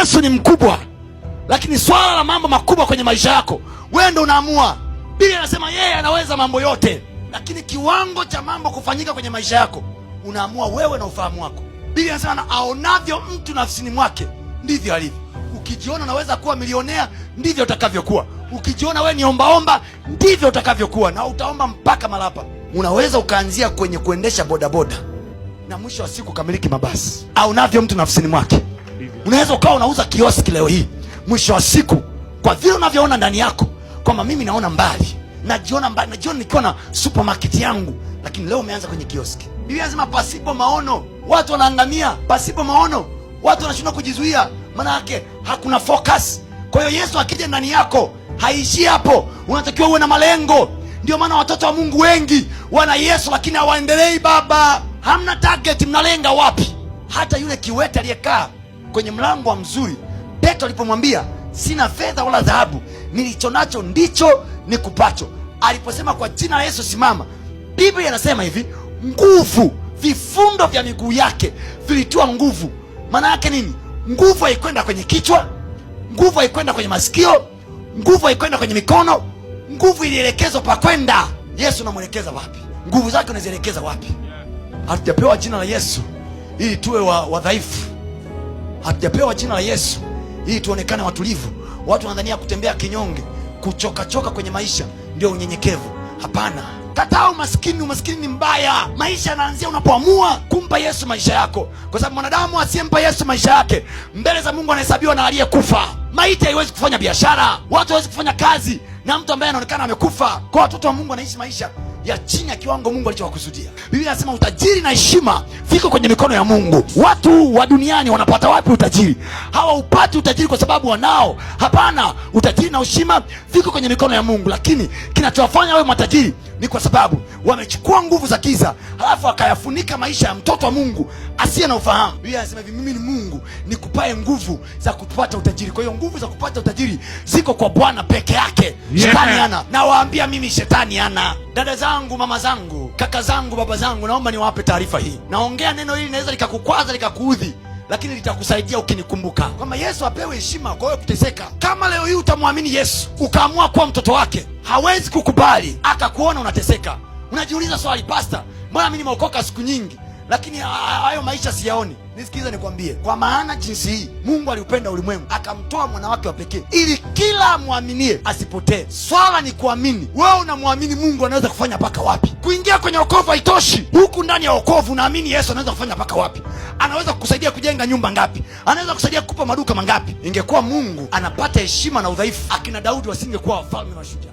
Yesu ni mkubwa, lakini swala la mambo makubwa kwenye maisha yako wewe ndo unaamua. Biblia anasema yeye anaweza mambo yote, lakini kiwango cha mambo kufanyika kwenye maisha yako unaamua wewe na ufahamu wako. Biblia anasema na aonavyo mtu nafsini mwake ndivyo alivyo. Ukijiona unaweza kuwa milionea, ndivyo utakavyokuwa. Ukijiona wewe ni ombaomba, ndivyo utakavyokuwa, na utaomba mpaka malapa. Unaweza ukaanzia kwenye kuendesha bodaboda na mwisho wa siku ukamiliki mabasi. Aonavyo mtu nafsini mwake Unaweza ukawa unauza kioski leo hii, mwisho wa siku, kwa vile unavyoona ndani yako kwamba mimi naona mbali, najiona mbali, najiona nikiwa na supermarket yangu, lakini leo umeanza kwenye kioski. Biblia inasema pasipo maono watu wanaangamia, pasipo maono watu wanashindwa kujizuia, maana yake hakuna focus. Kwa hiyo Yesu akija ndani yako haishi hapo, unatakiwa uwe na malengo. Ndio maana watoto wa Mungu wengi wana Yesu lakini hawaendelei. Baba, hamna target, mnalenga wapi? Hata yule kiwete aliyekaa kwenye mlango wa mzuri, Petro alipomwambia sina fedha wala dhahabu, nilicho nacho ndicho nikupacho, aliposema kwa jina la Yesu simama, Biblia inasema hivi, nguvu vifundo vya miguu yake vilitiwa nguvu. Maana yake nini? Nguvu haikwenda kwenye kichwa, nguvu haikwenda kwenye masikio, nguvu haikwenda kwenye mikono, nguvu ilielekezwa pa kwenda. Yesu unamwelekeza wapi? Nguvu zake unazielekeza wapi? Hatujapewa jina la Yesu ili tuwe wadhaifu wa hatujapewa jina la Yesu ili tuonekane watulivu. Watu wanadhania kutembea kinyonge, kuchokachoka kwenye maisha ndio unyenyekevu. Hapana, kataa umaskini. Umaskini ni mbaya. Maisha yanaanzia unapoamua kumpa Yesu maisha yako, kwa sababu mwanadamu asiyempa Yesu maisha yake mbele za Mungu anahesabiwa na aliyekufa. Maiti haiwezi kufanya biashara, watu hawezi kufanya kazi na mtu ambaye anaonekana amekufa. Kwa watoto wa Mungu anaishi maisha ya chini ya kiwango Mungu alichowakusudia. Biblia inasema utajiri na heshima viko kwenye mikono ya Mungu. Watu wa duniani wanapata wapi utajiri? Hawaupati utajiri kwa sababu wanao. Hapana, utajiri na heshima viko kwenye mikono ya Mungu, lakini kinachowafanya wawe matajiri ni kwa sababu wamechukua nguvu za giza, halafu akayafunika maisha ya mtoto wa Mungu asiye na ufahamu. Biblia inasema hivi, mimi ni Mungu nikupae nguvu za kupata utajiri. Kwa hiyo nguvu za kupata utajiri ziko kwa Bwana peke yake, yeah. Shetani ana nawaambia mimi, shetani ana. Dada zangu, mama zangu, kaka zangu, baba zangu, naomba niwape taarifa hii. Naongea neno hili linaweza likakukwaza likakuudhi lakini litakusaidia ukinikumbuka, kwamba Yesu apewe heshima kwa wewe kuteseka. Kama leo hii utamwamini Yesu ukaamua kuwa mtoto wake, hawezi kukubali akakuona unateseka. Unajiuliza swali, pasta, mbona mimi nimeokoka siku nyingi lakini hayo maisha siyaoni? nisikiliza nikwambie, kwa maana jinsi hii Mungu aliupenda ulimwengu akamtoa mwanawake wa pekee ili kila amwaminie asipotee. Swala ni kuamini. Wewe unamwamini Mungu anaweza kufanya mpaka wapi? Kuingia kwenye okovu haitoshi. Huku ndani ya okovu unaamini Yesu anaweza kufanya mpaka wapi? Anaweza kukusaidia kujenga nyumba ngapi? Anaweza kukusaidia kukupa maduka mangapi? Ingekuwa Mungu anapata heshima na udhaifu, akina Daudi wasingekuwa wafalme na shujaa.